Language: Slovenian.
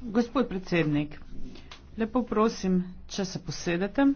gospod predsednik lepo prosim če se posedete.